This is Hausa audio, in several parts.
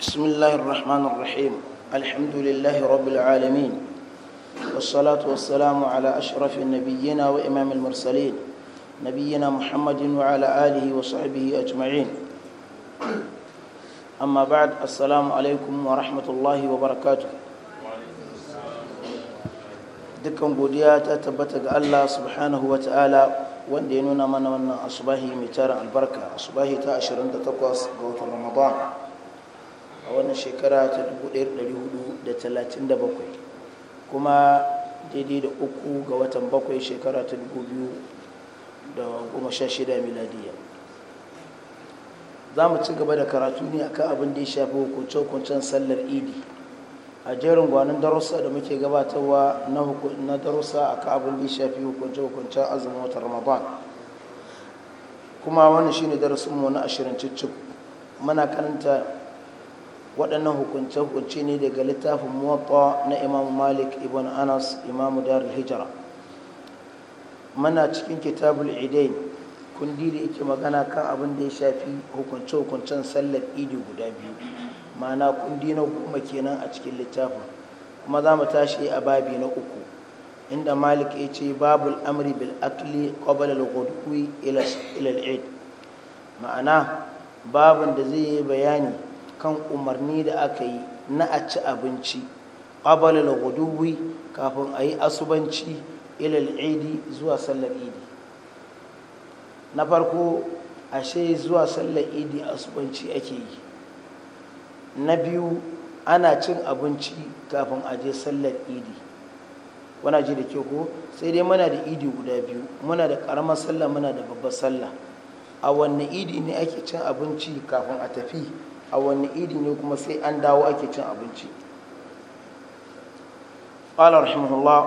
بسم الله الرحمن الرحيم الحمد لله رب العالمين والصلاة والسلام على أشرف النبيين وإمام المرسلين نبينا محمد وعلى آله وصحبه أجمعين أما بعد السلام عليكم ورحمة الله وبركاته دكم godiya ta الله سبحانه وتعالى subhanahu من ta'ala أصباهي متارع البركة أصباهي تأشر عند تقوى رمضان a wannan shekara ta 1437 kuma daidai da uku ga watan bakwai shekara ta 2016 miladiya za mu ci gaba da karatu ne akan abin da ya shafi hukunce-hukuncen sallar idi a jerin gwanin darussa da muke gabatarwa na darussa akan abin da ya shafi hukunce-hukuncen azumin watan ramadan kuma wannan shine darasinmu na ashirin cikin muna karanta waɗannan hukunce-hukunce ne daga littafin muwatta na imam malik ibn anas imam dar hijira mana cikin kitabul idain kundi da yake magana kan abin da ya shafi hukunce-hukuncen sallar idi guda biyu mana kundi na goma kenan a cikin littafin kuma za mu tashi a babi na uku inda malik ya ce Babu amri bil akli qabla al-ghudwi ila al ma'ana babin da zai yi bayani kan umarni da aka yi na a ci abinci qabala al kafin a yi asubanci ilal idi zuwa sallar idi na farko ashe zuwa sallar idi asubanci ake yi na biyu ana cin abinci kafin a je sallar idi wana ji da ke ko sai dai muna da idi guda biyu muna da ƙaramar sallah muna da babbar sallah a wanne idi ne ake cin abinci kafin a tafi a wani idi ne kuma sai an dawo ake cin abinci قال رحمه الله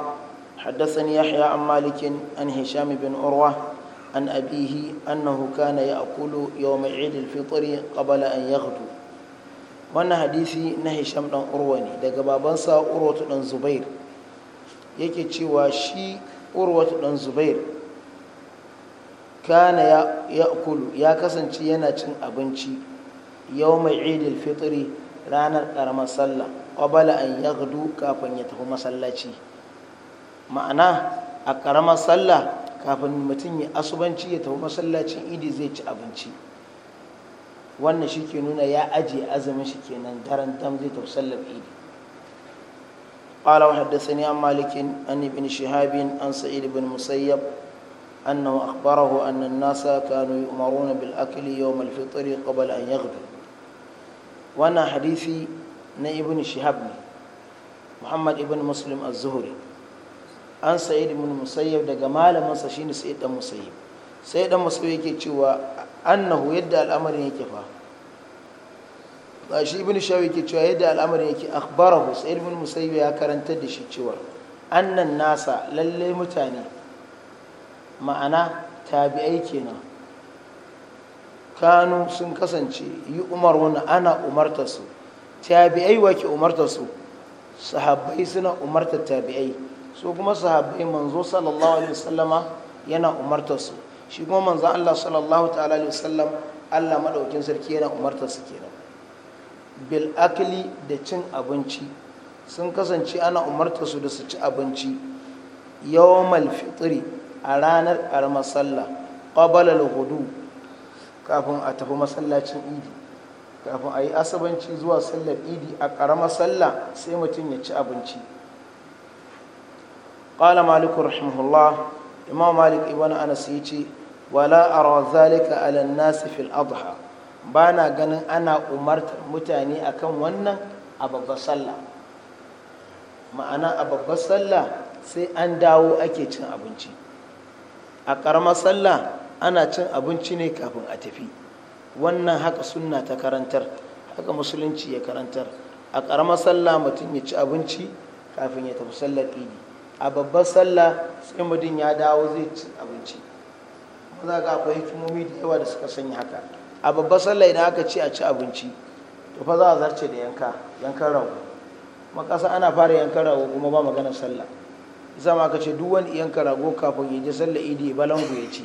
حدثني يحيى عن مالك عن هشام بن عروة عن أبيه أنه كان يأكل يوم عيد الفطر قبل أن يغدو wannan hadisi na hisham ɗan urwa ne daga babansa urwatu ɗan zubair yake cewa shi urwatu ɗan zubair kana ya kulu ya kasance yana cin abinci يوم عيد الفطر رانا قرم صلى قبل أن يغدو كافن يتهم صلاتي معنى أقرم صلى كافن متني أصبنتي يتهم صلاتي إيدي زيت أبنتي وانا شيكي نونا يا أجي أزم شكي نندرن دم زيت وصلى ايدي قال وحدثني عن مالك أن ابن شهاب أن سعيد بن مسيب أنه أخبره أن الناس كانوا يؤمرون بالأكل يوم الفطر قبل أن يغدو wannan hadisi na ibn shihab ne muhammad ibn muslim az-zuhri an sa'id ibn musayyib daga malaminsa shine sa'id dan musayyib sai dan musayyib yake cewa annahu yadda al'amarin yake fa shi ibn shihab yake cewa yadda al'amarin yake akhbarahu sa'id ibn musayyib ya karanta da shi cewa annan nasa lalle mutane ma'ana tabi'ai kenan kanu sun kasance yi umar wani ana umarta su tabi'ai wa ke umarta su sahabbai suna umarta tabi'ai su kuma sahabbai manzo sallallahu alaihi wasallama yana umarta su shi kuma manzo Allah sallallahu ta'ala alaihi wasallam Allah madaukin sarki yana umarta su kenan bil akli da cin abinci sun kasance ana umarta su da su ci abinci yawmal fitri a ranar armasallah qabala al-ghudu kafin a tafi masallacin idi kafin a yi asabanci zuwa sallar idi a ƙaramar sallah sai mutum ya ci abinci ƙala maliku rahimahullah imam malik ibn anas ya ce wala ara zalika ala nasi fil adha ba na ganin ana umartar mutane akan wannan a babbar sallah ma'ana a babbar sallah sai an dawo ake cin abinci a ƙaramar sallah ana cin abinci ne kafin a tafi wannan haka sunna ta karantar haka musulunci ya karantar a ƙaramar sallah mutum ya ci abinci kafin ya tafi sallar idi a babbar sallah sai mutum ya dawo zai ci abinci za ga akwai hikimomi da yawa da suka sanya haka a babbar sallah idan aka ci a ci abinci to fa za a zarce da yanka yankan rago makasa ana fara yankan rago kuma ba maganar sallah zama ka ce duk wani yankan rago kafin ya je sallar idi balangu ya ci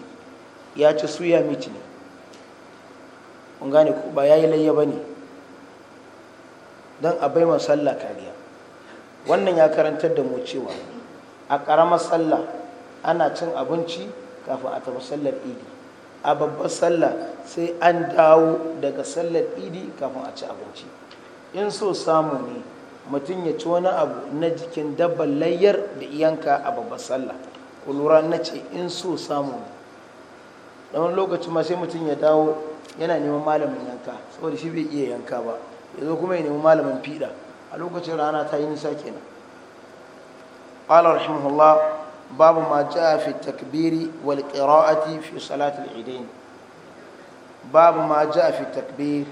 ya ci suya mit ne kun gane ko ba ya yi layya ne. dan a bai sallah kariya wannan ya karantar da mu cewa a ƙaramar sallah ana cin abinci kafin a tafi sallar idi a babbar sallah sai an dawo daga sallar idi kafin a ci abinci in so samu ne mutum ya ci wani abu na jikin dabbar layyar da iyanka a babbar sallah kulura na ce in so samu ne da wani lokaci ma sai mutum ya dawo yana neman malamin yanka saboda shi bai iya yanka ba ya zo kuma ya nemi malamin fiɗa a lokacin rana ta yi nisa kenan qala rahimahullah babu ma a fi takbiri wal qira'ati fi salatul idain babu ma a fi takbir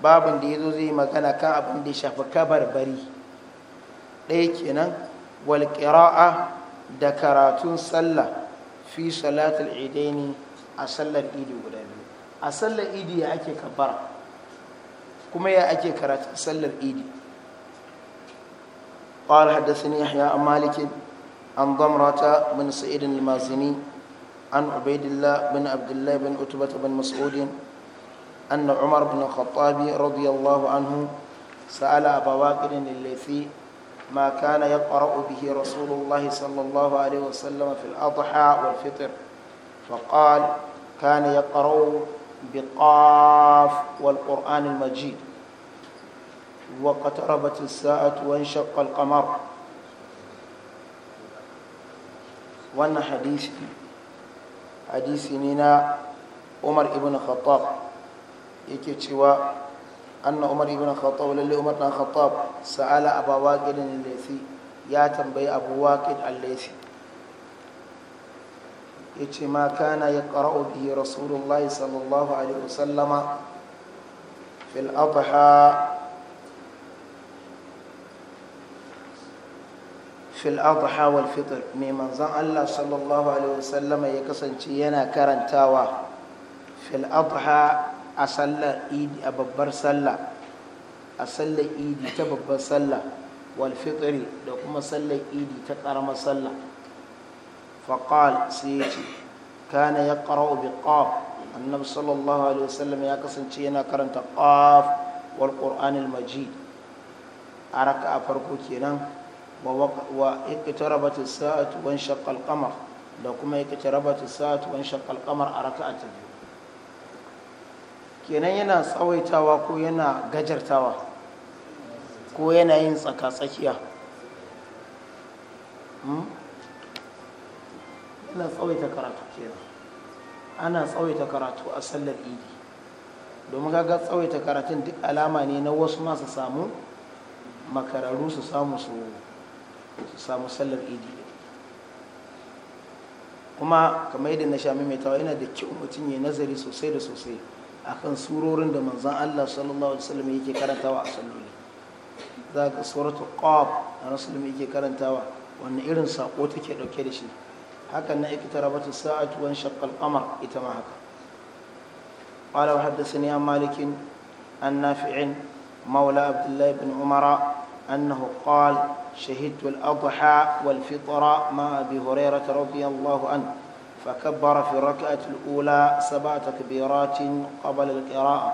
babin da yazo zai magana kan abin da ya shafi kabar bari ɗaya kenan wal qira'a da karatun sallah fi salatul idaini a sallar idi guda biyu a sallar idi ya ake kabbara kuma ya ake karatu sallar idi قال حدثني يحيى عن مالك عن ضمرة بن سعيد المازني عن عبيد الله بن عبد الله بن أتبة بن مسعود أن عمر بن الخطاب رضي الله عنه سأل أبا واقر الليثي ما كان يقرأ به رسول الله صلى الله عليه وسلم في الأضحى والفطر فقال كان يقرأ بقاف والقرآن المجيد وقتربت الساعة وانشق القمر وانا حديث حديث نينا عمر ابن الخطاب yake cewa anna umar ibn khattab lalle umar dan khattab sa'ala abu waqid al-laythi ya tambayi abu waqid al ya ce ma kana ya ƙara'u biyu rasulullahi sallallahu alaihi wasallama fil adha fil adha wal fitr mai manzon Allah sallallahu alaihi wasallama ya kasance yana karantawa fil adha a sallar idi a babbar sallah a sallar idi ta babbar sallah wal fitri da kuma sallar idi ta ƙaramar sallah faƙal sai ya ce kana ya ƙara'u bi ƙaf annabi sallallahu alaihi wasallam ya kasance yana karanta ƙaf wal ƙur'anil majid a raka a farko kenan wa iqtarabat as-sa'atu wa inshaqqa da kuma a raka'a ta biyu kenan yana tsawaitawa ko yana gajartawa ko yana yin tsaka-tsakiya Hmm? ana tsawaita karatu kenan ana tsawaita karatu a sallar idi domin kaga tsawaita karatun duk alama ne na wasu masu samu makararru su samu su samu sallar idi kuma kamar yadda na shami mai tawa yana da kyau mutum ya nazari sosai da sosai akan surorin da manzan Allah sallallahu alaihi wasallam yake karantawa a salloli za ka suratul qaf a rasulun yake karantawa wannan irin sako take dauke da shi haka na iktarabat as-sa'atu wa shaqqa al-qamar ita ma haka qala wa haddathani an malik an nafi'in mawla abdullah ibn umara annahu qala شهدت الأضحى والفطر مع أبي هريرة رضي الله عنه فكبر في الركعة الأولى سبع تكبيرات قبل القراءة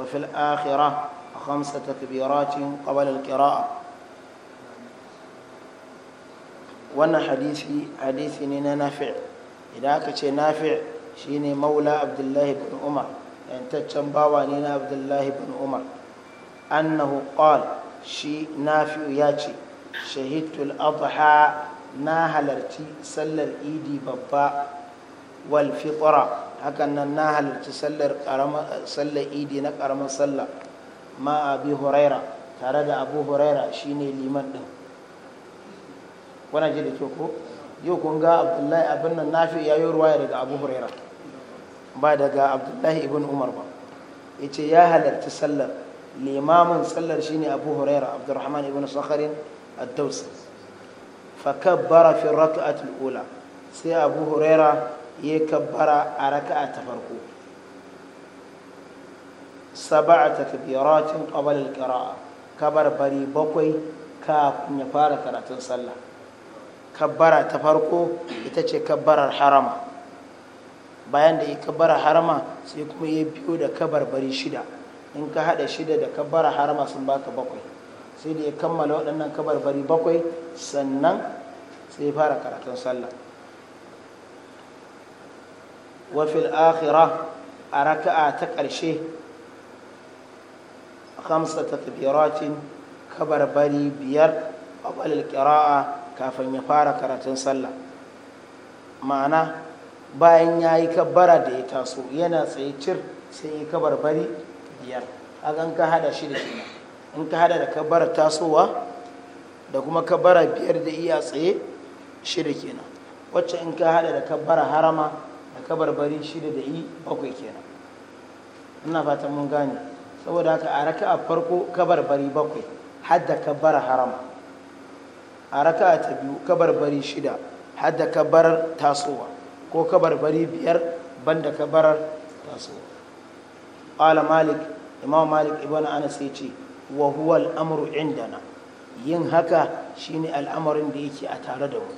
وفي الآخرة خمس تكبيرات قبل القراءة wannan hadisi hadisi ne na nafi idan aka ce nafi shine maula abdullahi bin umar yantaccen bawa ne na abdullahi bin umar annahu qal shi nafi ya ce shahidul adha na halarci sallar idi babba wal fitra hakan nan na halarci sallar sallar idi na karamar sallah ma abi huraira tare da abu huraira shine liman din kuna ji da ke ko yau kun ga abdullahi abin nan nafi ya yi ruwaya daga abu huraira ba daga abdullahi ibn umar ba ya ce ya halarci sallar limamin sallar shine abu huraira abdurrahman ibn sakharin ad-dawsi fi rak'atil ula sai abu huraira ya kabbara a raka'a ta farko sab'a takbiratin qabla al-qira'a kabar bari bakwai kafin ya fara karatun sallah kabbara ta farko ita ce kabbarar harama bayan da ya kabbara harama sai kuma ya biyo da bari shida in ka hada shida da kabbara harama sun baka bakwai sai da ya kammala waɗannan bari bakwai sannan sai fara karatun sallah wafil akhira a raka'a ta ƙarshe ta kabar kabarbari biyar a ƙira'a kafin ya fara karatun sallah ma'ana bayan ya yi kabbara da ya taso yana tsaye cir sai ya kabar bari biyar hakan ka hada shi da kenan in ka hada da kabbara tasowa da kuma kabbara biyar da iya tsaye shida kenan wacce in ka hada da kabbara harama da bari shida da yi bakwai kenan ina fatan mun gane saboda haka a raka a farko bari bakwai hadda kabbara harama a raka ta biyu kabarbari shida har da kabarar tasowa ko kabarbari biyar banda kabarar tasowa Ƙwala malik imam malik ibn anas yace wa huwa al'amuru indana yin haka shine al'amarin da yake a tare da mu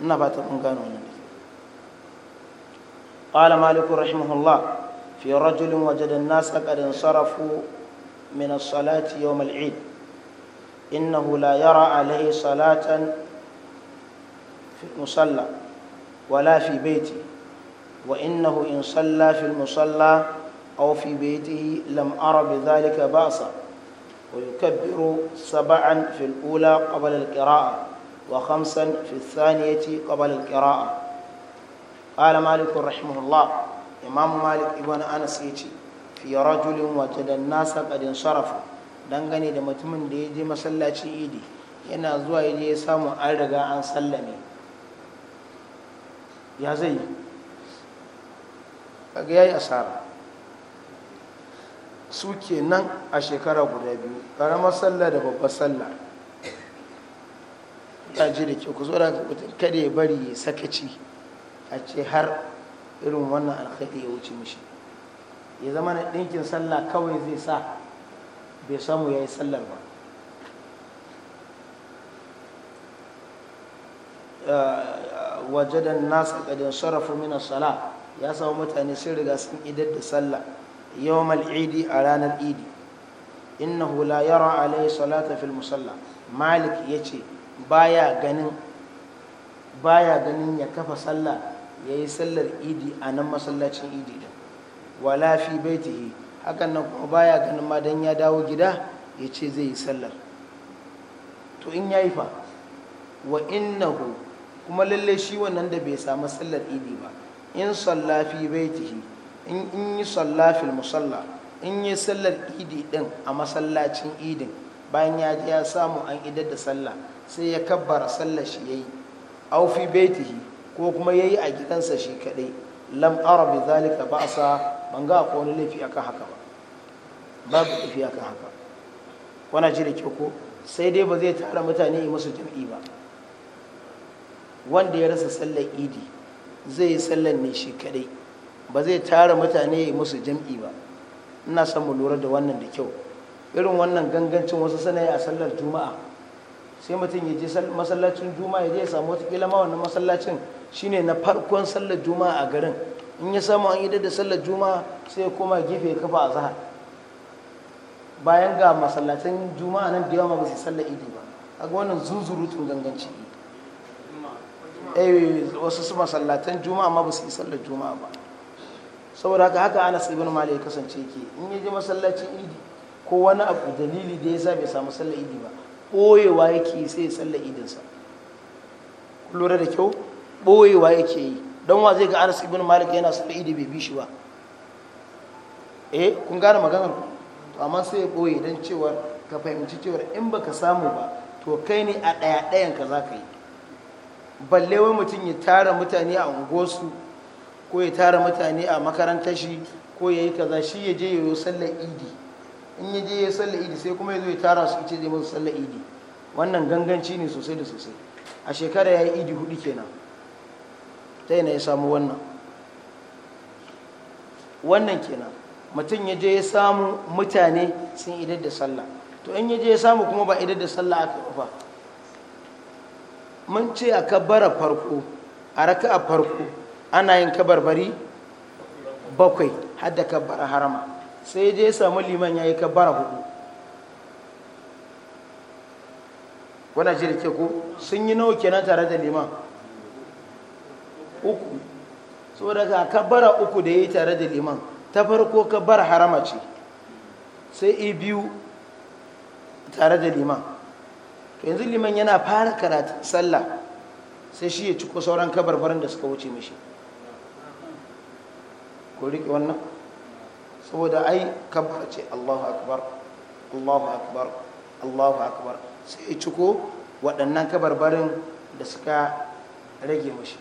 ina ba ta gano wannan qala malik rahimahullah fi rajulin wajada an-nas qad min as-salati yawm al-eid إنه لا يرى عليه صلاة في المصلى ولا في بيته وإنه إن صلى في المصلى أو في بيته لم أر بذلك بأسا ويكبر سبعا في الأولى قبل القراءة وخمسا في الثانية قبل القراءة قال مالك رحمه الله إمام مالك ابن أنس في رجل وجد الناس قد انصرفوا dangane da mutumin da ya je masallaci idi yana zuwa ya je ya samu an riga an sallame ya zai yi a yi asara su ke nan a shekara guda biyu ƙaramar sallah da babbar sallah ta ji da ke ku zo da kada ya bari ya sakaci a ce har irin wannan alkhairi ya wuce mishi ya zama na ɗinkin sallah kawai zai sa bai samu ya yi sallar ba Waje eh, wajadan nasa ƙadin sharafu mina sala ya samu mutane sun riga sun idar da sallah yau mal'idi a ranar idi inna hula yara alayhi salata fil musalla malik yace baya ganin baya ganin ya kafa sallah yi sallar idi a nan masallacin idi din wala fi baitihi hakan nan kuma baya ganin ma dan ya dawo gida ya ce zai yi sallar to in ya yi fa wa innahu kuma lalle shi wannan da bai samu sallar idi ba in sallafi baitihi in in yi sallafil musalla in yi sallar idi din a masallacin idin bayan ya ji ya samu an idar da sallah sai ya kabbara sallar shi yayi aufi bai baitihi ko kuma ya yi a gidansa shi kadai lam zalika ba zalika ba'sa ban ga ko wani laifi akan haka ba babu tafiya kan haka wana ji da kyau sai dai ba zai tara mutane yi musu jam'i ba wanda ya rasa sallar idi zai yi sallar ne shi kadai ba zai tara mutane yi musu jam'i ba ina son mu lura da wannan da kyau irin wannan gangancin wasu sanayi a sallar juma'a sai mutum ya je masallacin juma'a ya je ya samu wata ma wannan masallacin shine na farkon sallar juma'a a garin in ya samu an yi da sallar juma'a sai ya koma gefe ya kafa a zahar bayan ga masallatan juma'a nan da yawa ba su salla idi ba a ga wannan zuzurutun ganganci eh wasu su masallatan juma'a ma ba su salla juma'a ba saboda haka haka anas ibn malik ya kasance ke in ya je masallacin idi ko wani abu dalili da ya sa bai samu salla idi ba ɓoyewa yake sai ya salla idinsa lura da kyau ɓoyewa yake yi don wa zai ga anas ibn malik yana salla idi bai bi shi ba eh kun gane maganar ku to amma sai ya ɓoye don cewar ka fahimci cewar in ba ka samu ba to kai ne a ɗaya ɗayan ka za ka yi balle wai mutum ya tara mutane a unguwarsu ko ya tara mutane a makarantar shi ko ya yi kaza shi ya je ya yi sallar idi in ya je ya yi sallar idi sai kuma ya zo ya tara su ce zai musu sallar idi wannan ganganci ne sosai da sosai a shekara ya yi idi hudu kenan ta yana ya samu wannan wannan kenan mutum ya je ya samu mutane sun idar da sallah to in ya je ya samu kuma ba idar da sallah aka ba mun ce a kabbara farko a raka a farko ana yin kabarbari bakwai har da kabbara harama sai ya je ya samu liman ya yi kabbara hudu wana ce da ke ko sun yi nawa kenan tare da liman uku saboda ka kabbara uku da ya yi tare da liman ta farko ka bar harama ce sai i biyu tare da liman to yanzu liman yana fara karatu sallah sai shi ya ciko sauran kabarbarin da suka wuce mashi. ko riƙe wannan saboda ai kabar ce allahu akbar allahu akbar allahu akbar sai ya ciko waɗannan kabarbarin da suka rage mashi.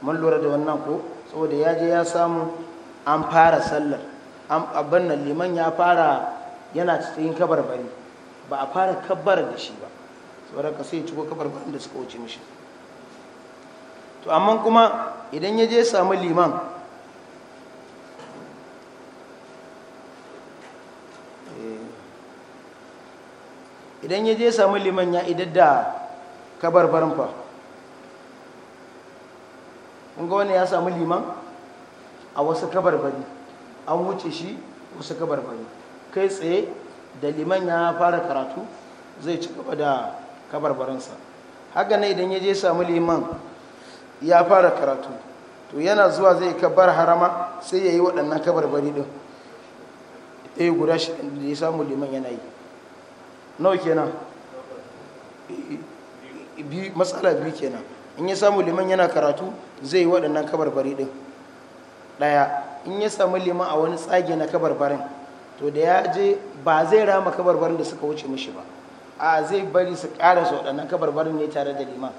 mun lura da wannan ko saboda ya je ya samu an fara sallar abin nan liman ya fara yana cikin bari ba a fara kabar da shi ba saboda ka sai ciko kabar bari da suka wuce mishi to amma kuma idan ya je samu liman eh, idan ya je samu liman ya kabar barin fa kun ga wani ya samu liman a wasu bari an wuce shi wasu bari kai tsaye da liman ya fara karatu zai ci gaba da barinsa haka ne idan ya je samu liman ya fara karatu to yana zuwa zai kabar harama sai ya yi waɗannan bari ɗin ɗaya eh, guda shi da ya samu liman yana yi nawa kenan matsala biyu kenan in ya samu liman yana karatu zai yi waɗannan bari ɗin ɗaya in ya samu liman a wani tsage na kabarbarin to da ya je ba zai rama kabarbarin da suka wuce mishi ba a zai bari su kara su waɗannan kabarbarin ne tare da liman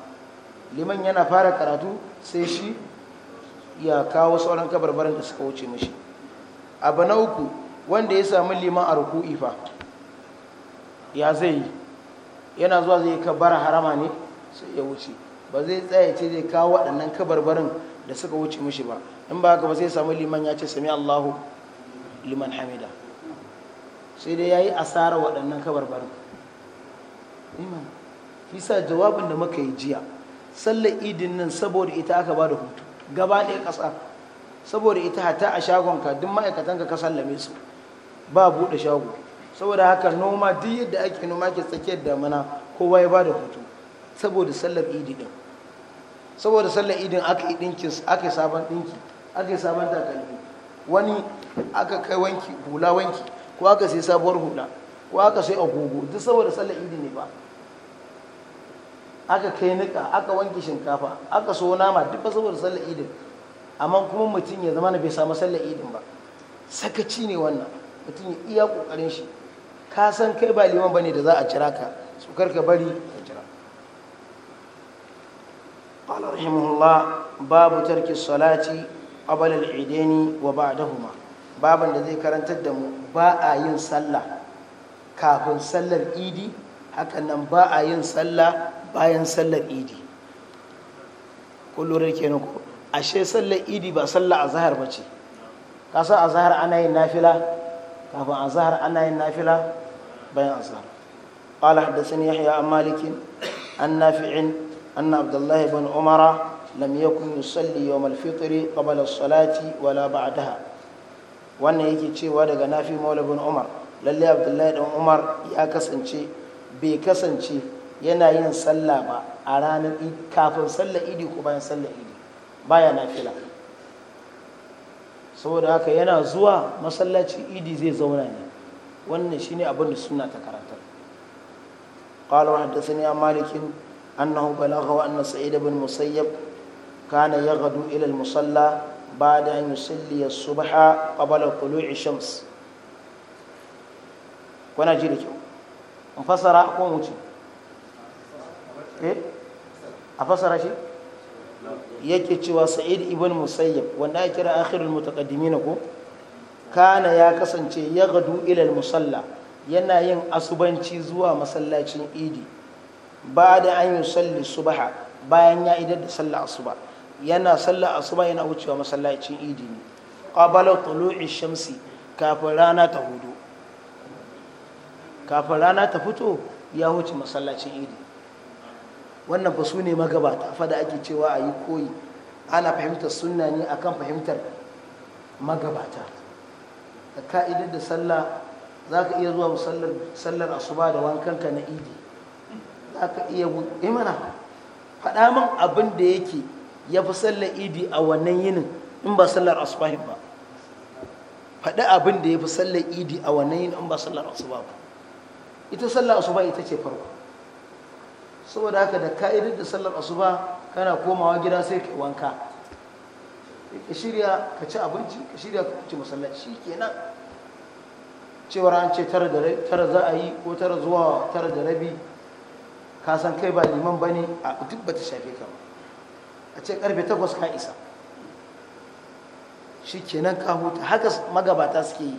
liman yana fara karatu sai shi ya kawo sauran kabarbarin da suka wuce mishi abu na uku wanda ya samu liman a ruku'i fa ya zai yi yana zuwa zai kabara harama ne sai ya wuce ba zai tsaye ce zai kawo waɗannan kabarbarin da suka wuce mishi ba in ba ka ba sai samu liman ya ce sami Allahu liman hamida sai dai ya yi asara waɗannan kabarbarin iman fisa jawabin da muka yi jiya sallar idin nan saboda ita aka ba da hutu gaba ɗaya ƙasa saboda ita hata a shagonka duk ma'aikatan ka sallame su ba buɗe shago saboda haka noma duk yadda ake noma ke tsakiyar damana kowa ya ba da hutu saboda sallar idi din saboda sallar idin aka yi sabon ɗinki aka yi sabon takalmi wani aka kai wanki hula wanki ko aka sai sabuwar hula ko aka sai agogo duk saboda sallar idi ne ba aka kai nika aka wanke shinkafa aka so nama duk ba saboda sallar idin amma kuma mutum ya zama na bai samu sallar idin ba sakaci ne wannan mutum ya iya kokarin shi ka san kai ba liman bane da za a kira ka su karka bari ka kira qala rahimahullah babu tarki salati qabal al-idaini wa ba'dahuma baban da zai karantar da mu ba a yin sallah kafin sallar idi hakan nan ba a yin sallah bayan sallar idi kullure kenan ko ashe sallar idi ba sallah azhar bace ka san azhar ana yin nafila kafin azhar ana yin nafila bayan azhar قال حدثني يحيى an مالك عن نافع أن عبد الله بن عمر lam yakun yusalli yawm al-fitr qabla salati wala ba'adaha. wannan yake cewa daga nafi maula bin umar lallai abdullahi dan umar ya kasance bai kasance yana yin sallah ba a ranar kafin salla idi ko bayan sallar idi baya nafila saboda haka yana zuwa masallaci idi zai zauna ne wannan shine abin da suna ta karantar قال وحدثني عن مالك أنه بلغه أن saida bin مسيب كان يغدو إلى المصلى بعد أن يصلي الصبح قبل طلوع الشمس وانا جيري جو مفسر أكون وجي إيه أفسر شيء yake cewa sa'id ibn musayyab wanda ya kira akhirul mutaqaddimin ko kana ya kasance ya gadu ila musalla yana yin asubanci zuwa masallacin idi ba da an yi salli subaha bayan ya idar da sallah asuba yana sallah asuba yana wucewa masallacin idi ne qabala tulu'i shamsi kafin rana ta hudu kafin rana ta fito ya wuce masallacin idi wannan ba su ne magabata fada ake cewa a yi koyi ana fahimtar sunna ne akan fahimtar magabata da ka'idar da sallah za ka iya zuwa sallar asuba da wankanka na idi za ka iya imana eh faɗa min abin da yake ya fi sallar idi a wannan yinin in ba sallar asubahin ba faɗi abin da ya fi sallar idi a wannan yinin in ba sallar asuba ba ita sallar asuba ita ce farko saboda haka da ka'idar da sallar asuba kana komawa gida sai ka wanka ka shirya ka ci abinci ka shirya ka ci masallaci kenan cewar an ce tara za a yi ko tara zuwa tara da rabi ka san kai ba liman ba ne a duk ba ta shafe ka ba a ce karfe takwas ka isa shi kenan ka huta haka magabata suke yi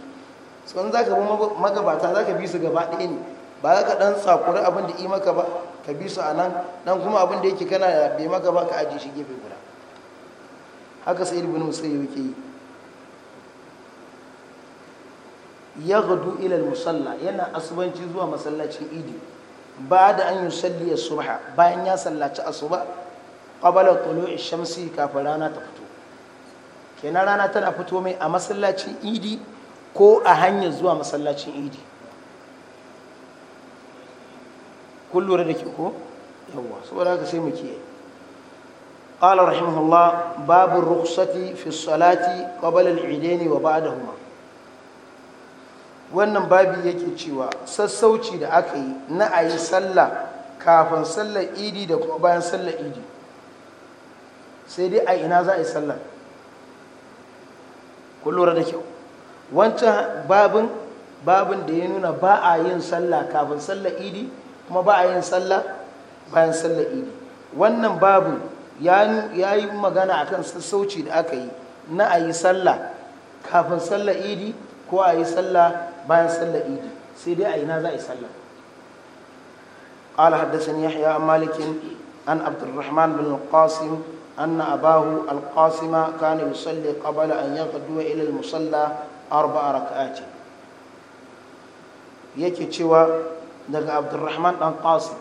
tsohon za ka bi magabata za ka bi su gaba ɗaya ne ba ka ɗan tsakuri abin da yi maka ba ka bi su a nan nan kuma abinda yake kana da bai maka ba ka ajiye shi gefe guda haka sai Musa yau ke yi gudu ilal musalla yana asubanci zuwa masallacin idi ba da an yi salliyar subha bayan ya sallaci asuba qabala tulu'i shamsi kafin rana ta fito kenan rana tana fito mai a masallacin idi ko a hanyar zuwa masallacin idi kun da ke ko yawwa saboda haka sai mu kiyaye قال رحمه الله باب الرخصة في الصلاة قبل العيدين وبعدهما wannan babi yake cewa sassauci da aka yi na a yi sallah kafin sallar idi da kuma bayan sallar idi sai dai a ina za a yi sallar ku lura da kyau wancan babin babin da ya nuna ba a yin sallah kafin sallar idi kuma ba a yin sallah bayan sallar idi wannan babin ya yi magana a kan sassauci da aka yi na a yi sallah kafin sallar idi ko a yi sallah bayan sallar idi sai dai a ina za a yi sallah قال حدثني يحيى مالك عن عبد الرحمن بن القاسم أن أباه القاسم كان يصلي قبل أن يغدو إلى المصلى أربع ركعات yake cewa daga abdurrahman dan qasim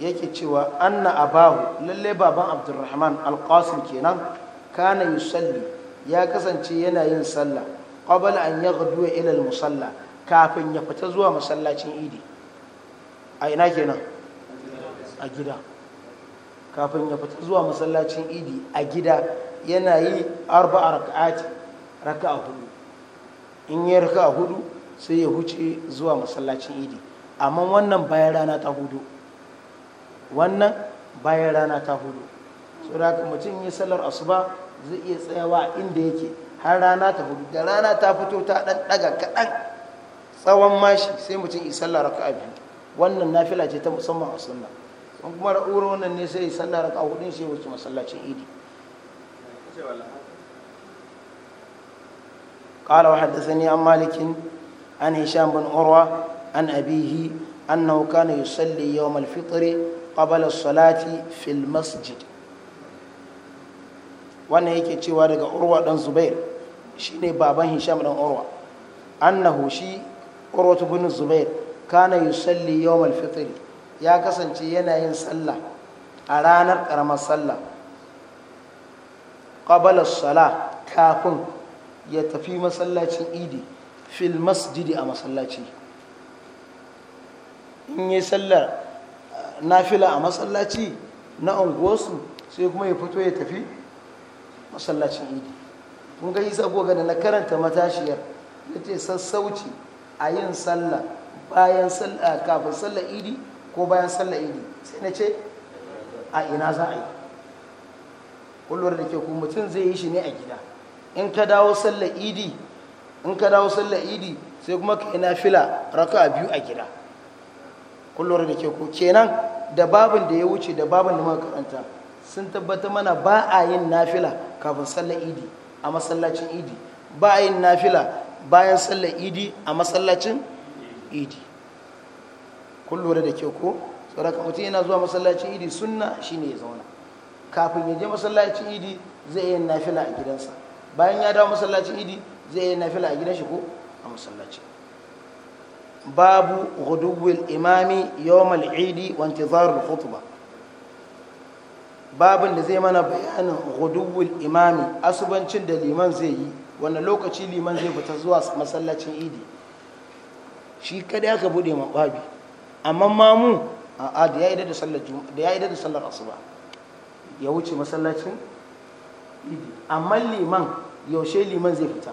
yake cewa anna abahu lalle baban abdurrahman alqasim kenan kana Salli ya kasance yana yin sallah qabla an yaghdu ila almusalla kafin ya fita zuwa masallacin idi a ina kenan a gida kafin ya fita zuwa masallacin idi a gida yana yi raka'ati raka a hudu in ya a hudu sai ya huce zuwa masallacin idi amma wannan bayan rana ta hudu wannan bayan rana ta hudu da haka mutum ya sallar asuba zai iya tsayawa inda yake har rana ta hudu da rana ta fito ta dan daga kaɗan tsawon mashi sai mutum ya sallar raka'a biyu wannan nafila ce ta musamman a sunna kuma ra'urar wannan ne sai sallah raka hudun sai wuce masallacin idi قال وحدثني عن مالك عن هشام بن عروة عن أبيه أنه كان يصلي يوم الفطر قبل الصلاة في المسجد وأنا هيك تشوى رجع عروة بن زبير شيني بابا هشام بن عروة أنه شي عروة بن الزبير كان يصلي يوم الفطر ya kasance yanayin sallah a ranar ƙaramar sallah ƙabalar sala kafin ya tafi masallacin idi fil masjidi a masallaci in yi sallar nafila a masallaci na unguwarsu sai kuma ya fito ya tafi masallacin idi kun ga isa goga da na karanta matashiyar na ce sassauci a yin sallah bayan sallah kafin sallar idi ko bayan sallar idi sai na ce a ina za a yi kullum da ke ku mutum zai yi shi ne a gida in ka dawo sallar idi in ka dawo sallar idi sai kuma ka ina fila raka biyu a gida kullum da ke ku kenan da babin da ya wuce da babin da muka karanta sun tabbata mana ba a yin nafila kafin sallar idi a masallacin idi ba a yin nafila bayan sallar idi a masallacin idi kun da kyau ko tsoraka mutum yana zuwa masallacin idi sunna shine ya zauna kafin ya je masallacin idi zai yi nafila a gidansa bayan ya dawo masallacin idi zai yi nafila a gidan shi ko a masallaci babu guduwil imami yawmal idi wa intizarul ba babin da zai mana bayanin guduwil imami asubancin da liman zai yi wannan lokaci liman zai fita zuwa masallacin idi shi kada aka bude mababi. amma mamu a da ya yi da sallar da ya yi da sallar asuba ya wuce masallacin idi amma liman yaushe liman zai fita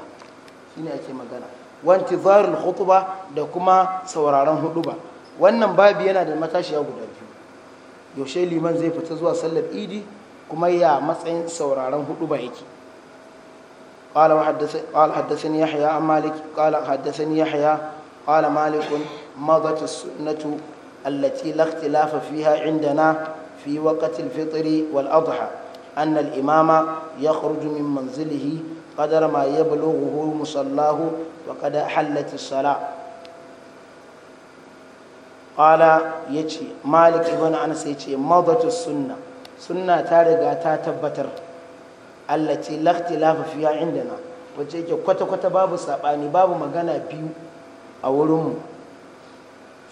shine ake magana wanti zarul khutba da kuma sauraron huduba wannan babi yana da matashiya guda biyu yaushe liman zai fita zuwa sallar idi kuma ya matsayin sauraron huduba yake قال حدثني يحيى عن مالك قال حدثني يحيى قال مالك مضت السنة التي لا اختلاف فيها عندنا في وقت الفطر والأضحى أن الإمام يخرج من منزله قدر ما يبلغه مصلاه وقد أحلت الصلاة قال يجي مالك ابن أنس يجي مضت السنة سنة تارغا تاتبتر التي لا اختلاف فيها عندنا وجيك كتا كتا باب سابعني باب مغانا بيو أولمو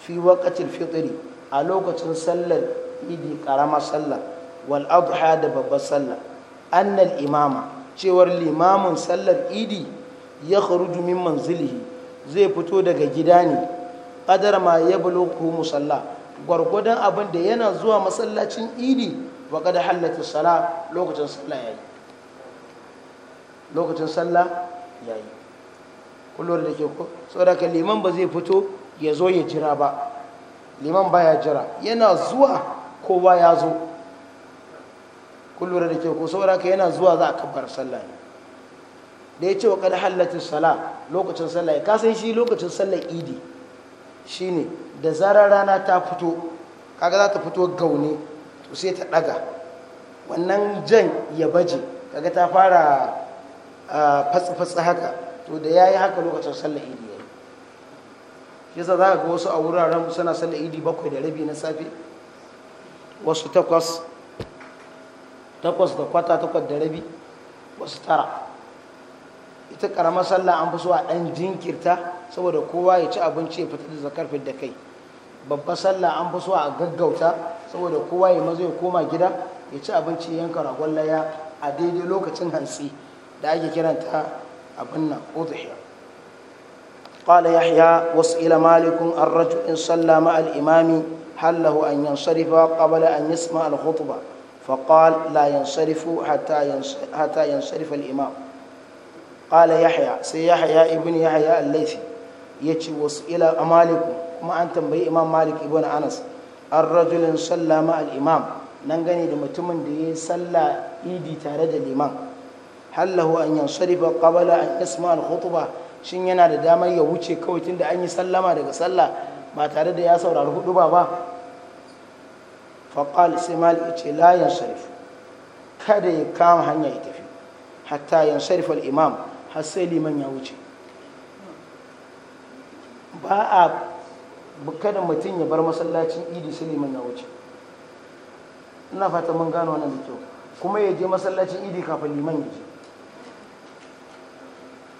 fi waqatil fitri a lokacin sallar idi ƙarama sallah wal adha da babbar sallah annal imama cewar limamin sallar idi ya kharuju min manzilihi zai fito daga gida ne qadar ma yablughu musalla gwargwadon abin da yana zuwa masallacin idi wa kada halatta sala lokacin sallah yayi lokacin sallah yayi kullum da ke ko saboda liman ba zai fito ya zo ya jira ba liman ba ya jira yana zuwa kowa ya zo kullum da ke ko saboda ka yana zuwa za a kabbar sallah ne da ya ce wa kada hallatin sala lokacin sallah ya kasan shi lokacin sallah idi shi ne da zarar rana ta fito kaga za ta fito gaune to sai ta daga wannan jan ya baje kaga ta fara ah, fatsi-fatsi haka to da ya yi haka lokacin sallah idi yasa za ga wasu a wuraren suna sallar idi bakwai da rabi na safe wasu takwas takwas da kwata takwas da rabi wasu tara ita karamar sallah an fi so a ɗan jinkirta saboda kowa ya ci abinci ya fita da zakar da kai babbar sallah an fi so a gaggauta saboda kowa ya mazo ya koma gida ya ci abinci yanka ragon laya a daidai lokacin hantsi da ake kiranta abin nan udhiya قال يحيى وسئل مالك الرجل إن صلى مع الإمام هل له أن ينصرف قبل أن يسمع الخطبة فقال لا ينصرف حتى حتى ينصرف الإمام قال يحيى سي يحيى ابن يحيى الليثي يتي وسئل مالك ما أنت بي إمام مالك ابن أنس الرجل صلى مع الإمام نغني da mutumin da ya salla idi tare da liman hal lahu an yansarifa qabla an yasma al khutbah shin yana da damar ya wuce kawai da an yi sallama daga sallah ba tare da ya saurari hudu ba ba faƙal sai malik ce la yansarif kada ya kama hanya ya tafi hatta yan al-imam har sai liman ya wuce ba a kada mutum ya bar masallacin idi sai liman ya wuce ina fata mun gano wannan da kyau kuma ya je masallacin idi kafin liman ya je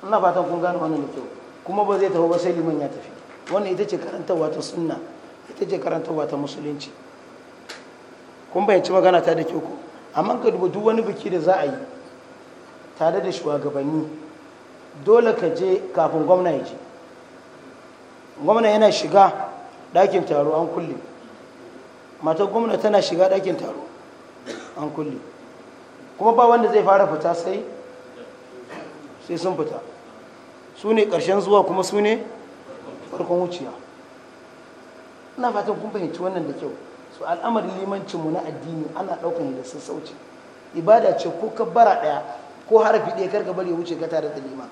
ina fatan kun gane wannan kyau kuma ba zai tafi ba sai liman ya tafi wannan ita ce karantarwa ta sunna ita ce karantarwa ta musulunci kun bayanci magana ta da kyau ko amma ka duba duk wani biki da za a yi tare da shugabanni dole ka je kafin gwamna ya je gwamna yana shiga ɗakin taro an kulle matar gwamna tana shiga ɗakin taro an kulle kuma ba wanda zai fara fita sai sai sun fita su ne ƙarshen zuwa kuma su ne farkon wuciya ina fatan kun fahimci wannan da kyau su al'amarin limancinmu na addini ana ɗaukan da sassauci ibada ce ko kabbara ɗaya ko harafi ɗaya kar bari ya wuce ka tare da liman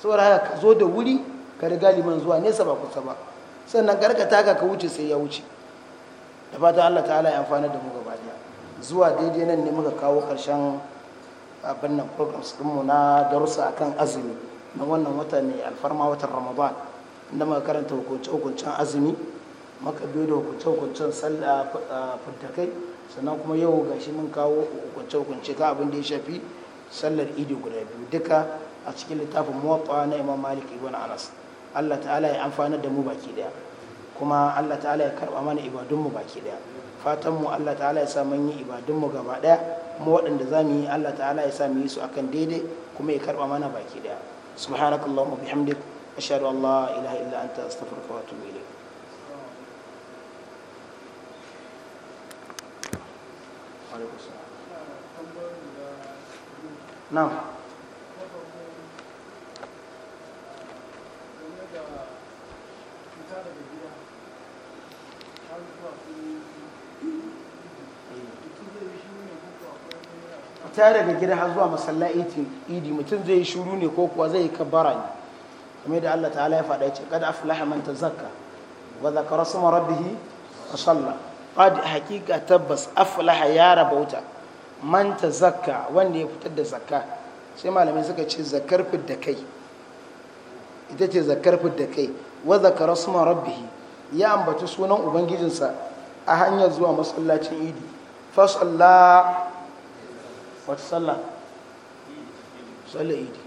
saboda haka ka zo da wuri ka riga liman zuwa nesa ba kusa ba sannan karka taka ka wuce sai ya wuce da fatan Allah ta'ala ya amfana da mu gaba daya zuwa daidai nan ne muka kawo karshen. abin nan programs ɗinmu na darussa akan azumi na wannan wata mai alfarma watan ramadan inda muka karanta hukunce-hukuncen azumi maka biyu da hukunce-hukuncen sallah fintakai. Ah, sannan kuma yau gashi mun kawo hukunce-hukunce ka abin da ya shafi sallar idi guda biyu duka a cikin littafin muwatta na imam malik ibn anas allah ta'ala ya amfana da mu baki daya kuma allah ta'ala ya karɓa mana ibadunmu baki daya Fatanmu allah ta'ala ya sa mun yi ibadunmu gaba daya kuma waɗanda za mu yi Allah ta'ala ya sa mu yi su akan daidai kuma ya karɓa mana baki ɗaya subhanakallahumma bihamdik ashhadu an la ilaha illa anta astaghfiruka wa atubu ilayk fita daga gida har zuwa masallaci idi mutum zai yi shuru ne ko kuwa zai yi kabbara ne kuma da Allah ta'ala ya faɗa ce kada aflaha man tazakka wa zakara suma rabbihi wa salla qad haqiqa tabbas aflaha ya rabauta man tazakka wanda ya fitar da zakka sai malamai suka ce zakar da kai ita ce zakar da kai wa zakara suma rabbihi ya ambaci sunan ubangijinsa a hanyar zuwa masallacin idi fasalla wata tsalla? tsalla idi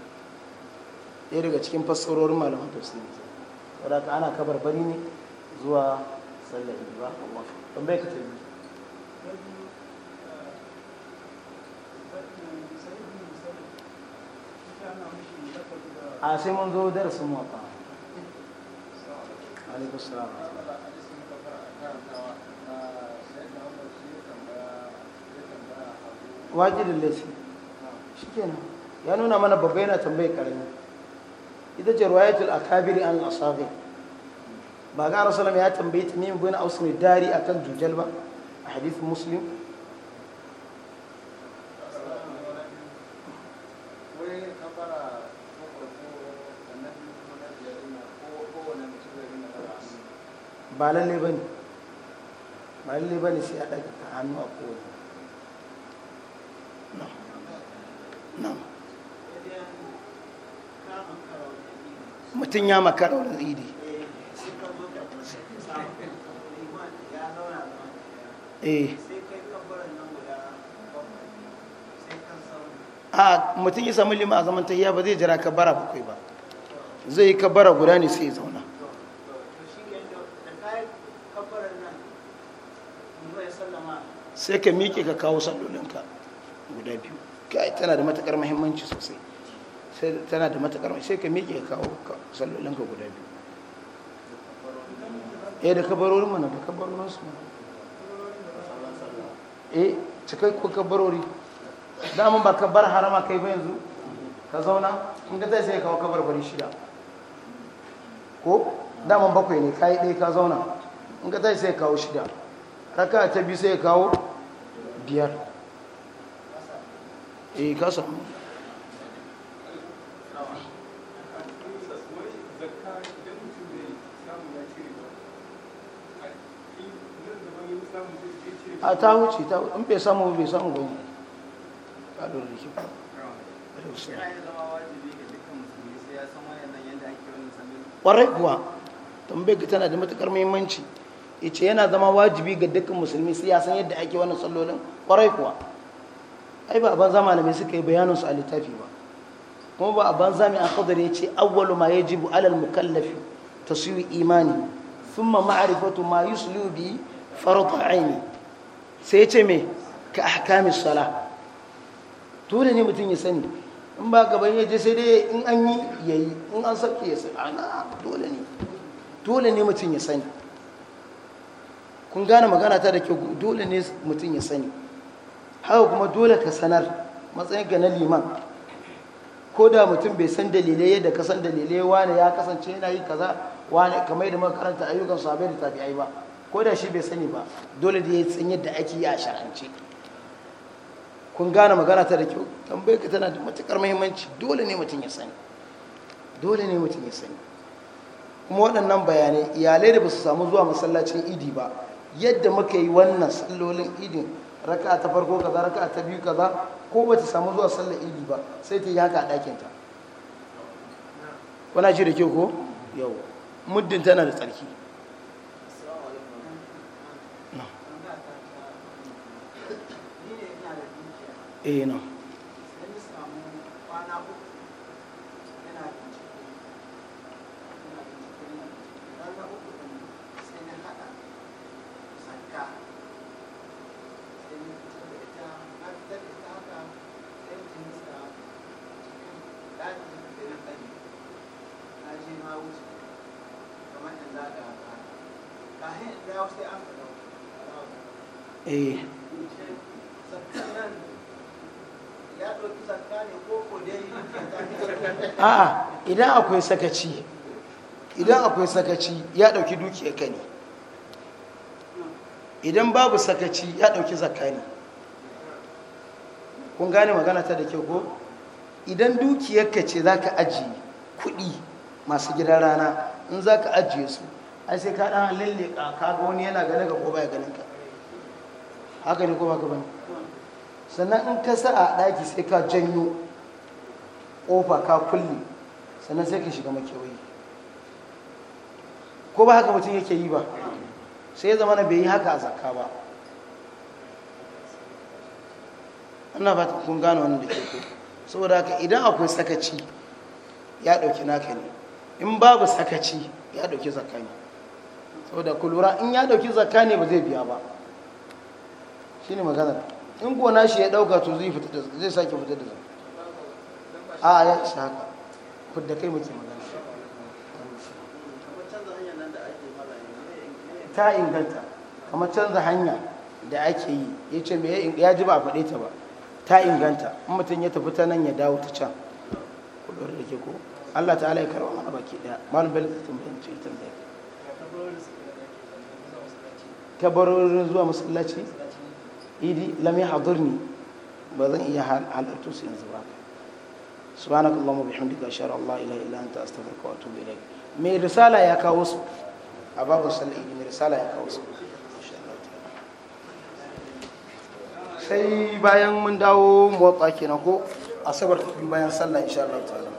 ɗaya daga cikin fassarorin malaman tafsiri wadda ka ana kabar bari ne zuwa tsalla idi ba a Allah ɗan bai ka tabi a sai mun zo darasin mawaƙa alaikun salamu shi ke nan ya nuna mana babba yana tambayi karami ita ce ruwayatul akabiri an asabi ba ga rasulullah ya tambayi ta nemi bin mai dari akan jujjal ba a hadithin muslim ba lalle ba ne ba lalle ba ne sai a ɗaga hannu a kowane mutum ya makara wani idi eh. a mutum ya samu lima a zaman tahiya ba zai jira kabara bakwai ba zai yi kabara guda ne sai zauna sai ka miƙe ka kawo sallolinka guda biyu kai tana da matakar mahimmanci sosai tana da matakar sai ka miƙe ka kawo sallolinka guda biyu eh da kabarorin mana da kabarorin su eh cikai ko kabarori damun ba ka bar harama kai ba yanzu ka zauna in ka zai sai kawo bari shida ko damun bakwai ne kayi ɗaya ka zauna in ka zai sai kawo shida raka ta bi sai kawo biyar eh ka samu ta wuce ta in bai samu bai samu ba ta dole da kwarai kuwa tambayar ka tana da matukar muhimmanci ice yana zama wajibi ga dukkan musulmi sai ya san yadda ake wannan sallolin kwarai kuwa ai ba a banza malamai suka yi bayanin su a littafi ba kuma ba a banza a akadar ya ce awwalu ma yajibu alal mukallafi taswiyu imani thumma ma'rifatu ma yuslu bi farata aini sai ce me ka ahkami sala dole ne mutum ya sani in ba gaban ya sai dai in an yi yayi in an sauke ya sani ana dole ne dole ne mutum ya sani kun gane magana ta da ke dole ne mutum ya sani haka kuma dole ka sanar matsayin ga na liman ko da mutum bai san dalilai yadda ka san dalilai wani ya kasance yana yi kaza wani kamar da makaranta ayyukan sabai da tabi'ai ba ko da shi bai sani ba dole da ya yi san yadda ake yi a shahance kun gane magana ta da kyau tambayar ka tana da matukar muhimmanci dole ne mutum ya sani dole ne mutum ya sani kuma waɗannan bayanai iyalai da ba su samu zuwa masallacin idi ba yadda muka yi wannan sallolin idin raka ta farko kaza raka ta biyu kaza ko ba ta samu zuwa sallar idi ba sai ta yi haka a ɗakinta wana shi da kyau ko yau muddin tana da tsarki eh na eh a'a idan akwai sakaci idan akwai sakaci ya ɗauki dukiyar ka ne idan babu sakaci ya ɗauki zakka ne kun gane magana ta da kyau ko idan dukiyarka ka ce za ka ajiye kuɗi masu gidan rana in za ka ajiye su ai sai ka ɗan lalle ka ga wani yana gane ka ko baya ganin ka haka ne ko ba ka bane sannan in ka sa a ɗaki sai ka janyo ƙofa ka kulle sannan sai ka shiga makewayi ko ba haka mutum yake yi ba sai ya zama na bai yi haka a zakka ba ana fata kun gano wani da ke ko saboda haka idan akwai sakaci ya ɗauki naka ne in babu sakaci ya ɗauki zakka ne saboda ku lura in ya ɗauki zakka ne ba zai biya ba shi ne maganar in gona shi ya ɗauka to zai sake fitar da zakka a ya isa haka kudda kai muke magana ta inganta kamar canza hanya da ake yi ya ce mai ya ji ba a faɗe ta ba ta inganta in mutum ya tafi ta nan ya dawo ta can kudur da ke ko Allah ta'ala ya karɓa mana baki ɗaya malam bello ta tambayin ce ta barorin zuwa masallaci idi lamai ya hadurni ba zan iya halartu su yanzu ba subhanaka mu bihamdika ashhadu an la ilaha illa anta astaghfiruka wa atubu ilaik mai risala ya kawo su a babu sallah mai risala ya kawo sai bayan mun dawo motsa kenan ko asabar bayan sallah insha Allah ta'ala